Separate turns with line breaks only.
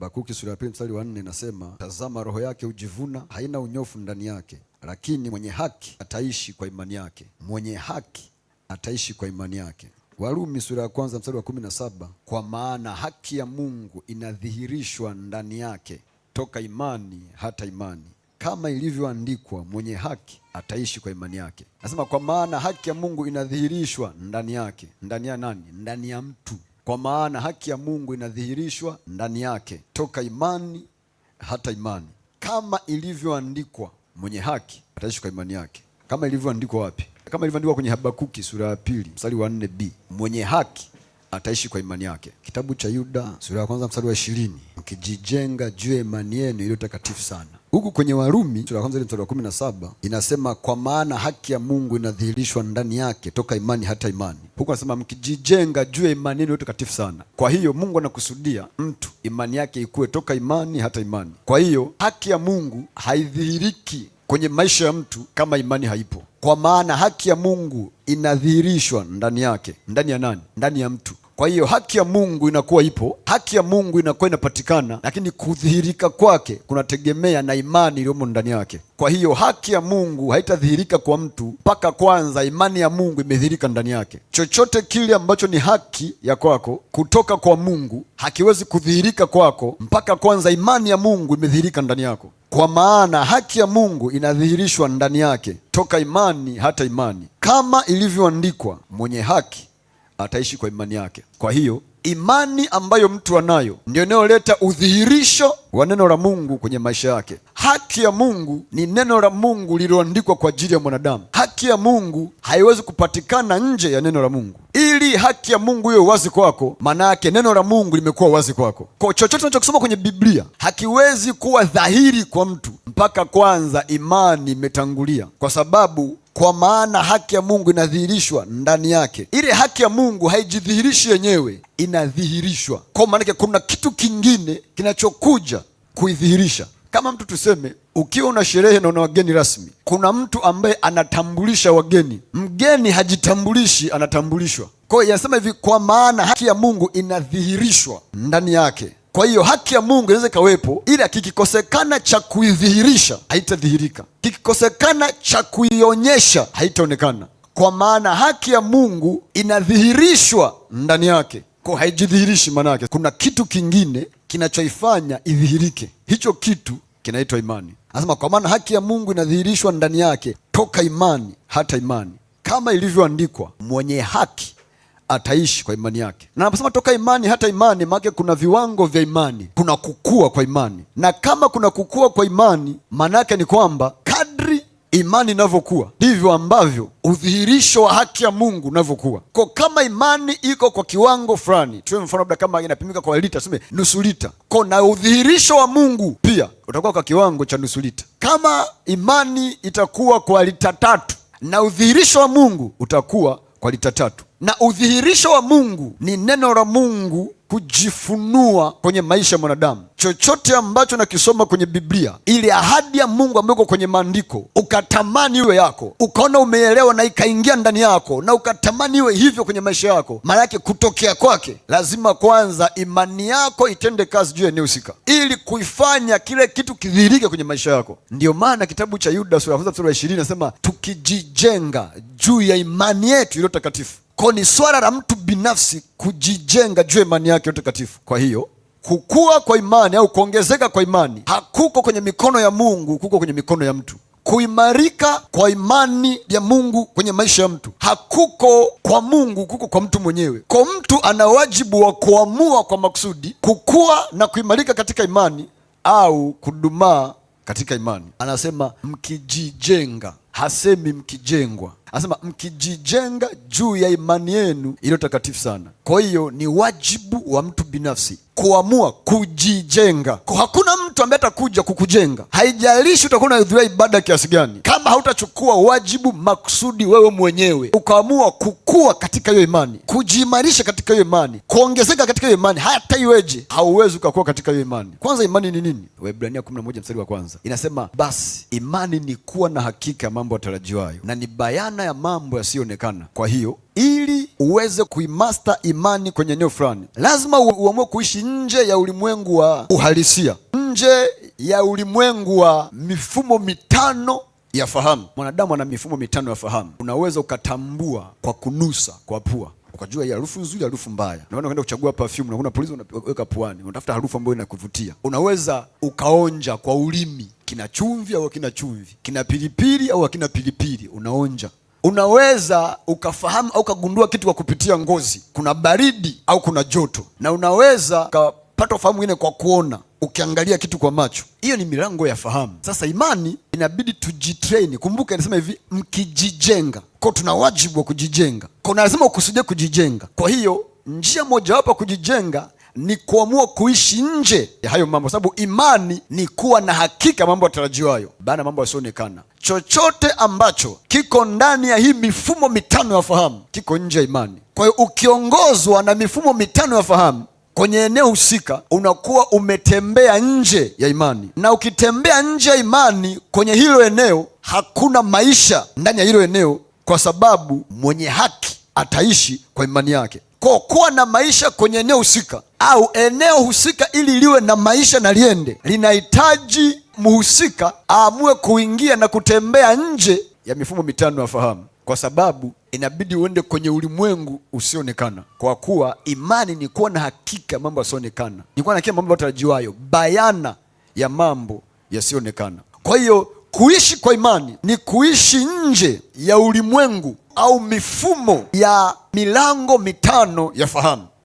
Habakuki sura ya pili mstari wa nne inasema, tazama roho yake hujivuna, haina unyofu ndani yake, lakini mwenye haki ataishi kwa imani yake. Mwenye haki ataishi kwa imani yake. Warumi sura ya kwanza mstari wa kumi na saba kwa maana haki ya Mungu inadhihirishwa ndani yake toka imani hata imani, kama ilivyoandikwa, mwenye haki ataishi kwa imani yake. Nasema kwa maana haki ya Mungu inadhihirishwa ndani yake. Ndani ya nani? Ndani ya mtu kwa maana haki ya Mungu inadhihirishwa ndani yake toka imani hata imani, kama ilivyoandikwa, mwenye haki ataishi kwa imani yake. Kama ilivyoandikwa wapi? Kama ilivyoandikwa kwenye Habakuki sura ya pili mstari wa 4b, mwenye haki ataishi kwa imani yake. Kitabu cha Yuda sura ya kwanza mstari wa ishirini, mkijijenga juu ya imani yenu iliyo takatifu sana Huku kwenye Warumi sura ya kwanza mstari wa kumi na saba inasema kwa maana haki ya Mungu inadhihirishwa ndani yake toka imani hata imani. Huku anasema mkijijenga juu ya imani yenu takatifu sana. Kwa hiyo Mungu anakusudia mtu imani yake ikue toka imani hata imani. Kwa hiyo haki ya Mungu haidhihiriki kwenye maisha ya mtu kama imani haipo, kwa maana haki ya Mungu inadhihirishwa ndani yake. Ndani ya nani? Ndani ya mtu. Kwa hiyo haki ya Mungu inakuwa ipo, haki ya Mungu inakuwa inapatikana, lakini kudhihirika kwake kunategemea na imani iliyomo ndani yake. Kwa hiyo haki ya Mungu haitadhihirika kwa mtu mpaka kwanza imani ya Mungu imedhihirika ndani yake. Chochote kile ambacho ni haki ya kwako kutoka kwa Mungu hakiwezi kudhihirika kwako mpaka kwanza imani ya Mungu imedhihirika ndani yako, kwa maana haki ya Mungu inadhihirishwa ndani yake toka imani hata imani, kama ilivyoandikwa, mwenye haki ataishi kwa imani yake. Kwa hiyo imani ambayo mtu anayo ndio inayoleta udhihirisho wa neno la Mungu kwenye maisha yake. Haki ya Mungu ni neno la Mungu lililoandikwa kwa ajili ya mwanadamu. Haki ya Mungu haiwezi kupatikana nje ya neno la Mungu. Ili haki ya Mungu iwe wazi kwako, maana yake neno la Mungu limekuwa wazi kwako. Kwa chochote tunachokisoma kwenye Biblia hakiwezi kuwa dhahiri kwa mtu mpaka kwanza imani imetangulia, kwa sababu kwa maana haki ya Mungu inadhihirishwa ndani yake. Ile haki ya Mungu haijidhihirishi yenyewe, inadhihirishwa. Kwa maanake kuna kitu kingine kinachokuja kuidhihirisha. Kama mtu tuseme, ukiwa una sherehe na una wageni rasmi, kuna mtu ambaye anatambulisha wageni. Mgeni hajitambulishi, anatambulishwa. Kwa hiyo inasema hivi, kwa maana haki ya Mungu inadhihirishwa ndani yake. Kwa hiyo haki ya Mungu inaweza ikawepo, ila kikikosekana cha kuidhihirisha haitadhihirika, kikikosekana cha kuionyesha haitaonekana, kwa maana haki ya Mungu inadhihirishwa ndani yake, kwa haijidhihirishi. Maana yake kuna kitu kingine kinachoifanya idhihirike, hicho kitu kinaitwa imani. Anasema kwa maana haki ya Mungu inadhihirishwa ndani yake toka imani hata imani, kama ilivyoandikwa, mwenye haki ataishi kwa imani yake. Na naposema toka imani hata imani, maanake kuna viwango vya imani, kuna kukua kwa imani, na kama kuna kukua kwa imani, maana ni kwamba kadri imani inavyokuwa ndivyo ambavyo udhihirisho wa haki ya Mungu unavyokuwa. Kwa kama imani iko kwa kiwango fulani, tuwe mfano labda kama inapimika kwa lita, tuseme nusu lita, kwa na udhihirisho wa Mungu pia utakuwa kwa kiwango cha nusu lita. Kama imani itakuwa kwa lita tatu na udhihirisho wa Mungu utakuwa kwa lita tatu na udhihirisho wa Mungu ni neno la Mungu kujifunua kwenye maisha ya mwanadamu. Chochote ambacho nakisoma kwenye Biblia, ili ahadi ya Mungu ambayo iko kwenye maandiko ukatamani iwe yako, ukaona umeelewa na ikaingia ndani yako, na ukatamani iwe hivyo kwenye maisha yako, maana yake kutokea kwake lazima kwanza imani yako itende kazi juu ya eneo husika, ili kuifanya kile kitu kidhihirike kwenye maisha yako. Ndiyo maana kitabu cha Yuda sura ya kwanza ishirini nasema tukijijenga juu ya imani yetu iliyo takatifu kwa ni swala la mtu binafsi kujijenga juu ya imani yake utakatifu. Kwa hiyo kukua kwa imani au kuongezeka kwa imani hakuko kwenye mikono ya Mungu, kuko kwenye mikono ya mtu. Kuimarika kwa imani ya Mungu kwenye maisha ya mtu hakuko kwa Mungu, kuko kwa mtu mwenyewe. Kwa mtu ana wajibu wa kuamua kwa makusudi kukua na kuimarika katika imani au kudumaa katika imani. Anasema mkijijenga, hasemi mkijengwa. Anasema mkijijenga juu ya imani yenu iliyo takatifu sana. Kwa hiyo ni wajibu wa mtu binafsi kuamua kujijenga. Kwa hakuna mtu ambaye atakuja kukujenga, haijalishi utakuwa unahudhuria ibada kiasi gani, kama hautachukua wajibu makusudi wewe mwenyewe ukaamua kukua katika hiyo imani, kujiimarisha katika hiyo imani, kuongezeka katika hiyo imani, hata iweje, hauwezi ukakua katika hiyo imani. Kwanza imani ni nini? Waebrania 11 mstari wa kwanza inasema, basi imani ni kuwa na hakika ya mambo yatarajiwayo na ni bayana namna ya mambo yasiyoonekana. Kwa hiyo ili uweze kuimasta imani kwenye eneo fulani, lazima uamue kuishi nje ya ulimwengu wa uhalisia, nje ya ulimwengu wa mifumo mitano ya fahamu. Mwanadamu ana mifumo mitano ya fahamu. Unaweza ukatambua kwa kunusa, kwa pua ukajua hii harufu nzuri, harufu mbaya. Na unaenda kuchagua perfume, kuna polisi unaweka puani, unatafuta harufu ambayo inakuvutia. Unaweza ukaonja kwa ulimi, kina chumvi au kina chumvi, kina pilipili au kina pilipili, unaonja. Unaweza ukafahamu au ukagundua kitu kwa kupitia ngozi, kuna baridi au kuna joto, na unaweza ukapata ufahamu mwingine kwa kuona, ukiangalia kitu kwa macho. Hiyo ni milango ya fahamu. Sasa imani inabidi tujitrain. Kumbuka inasema hivi, mkijijenga kwa, tuna wajibu wa kujijenga kwa, lazima ukusudie kujijenga. Kwa hiyo njia mojawapo ya kujijenga ni kuamua kuishi nje ya hayo mambo, sababu imani ni kuwa na hakika mambo yatarajiwayo, bana mambo yasionekana. Chochote ambacho kiko ndani ya hii mifumo mitano ya fahamu kiko nje ya imani. Kwa hiyo ukiongozwa na mifumo mitano ya fahamu kwenye eneo husika unakuwa umetembea nje ya imani, na ukitembea nje ya imani kwenye hilo eneo, hakuna maisha ndani ya hilo eneo, kwa sababu mwenye haki ataishi kwa imani yake kuwa na maisha kwenye eneo husika au eneo husika, ili liwe na maisha na liende, linahitaji mhusika aamue kuingia na kutembea nje ya mifumo mitano ya fahamu, kwa sababu inabidi uende kwenye ulimwengu usioonekana, kwa kuwa imani ni kuwa na hakika ya mambo yasiyoonekana, ni kuwa na hakika mambo yatarajiwayo, bayana ya mambo yasiyoonekana. Kwa hiyo kuishi kwa imani ni kuishi nje ya ulimwengu au mifumo ya milango mitano ya fahamu.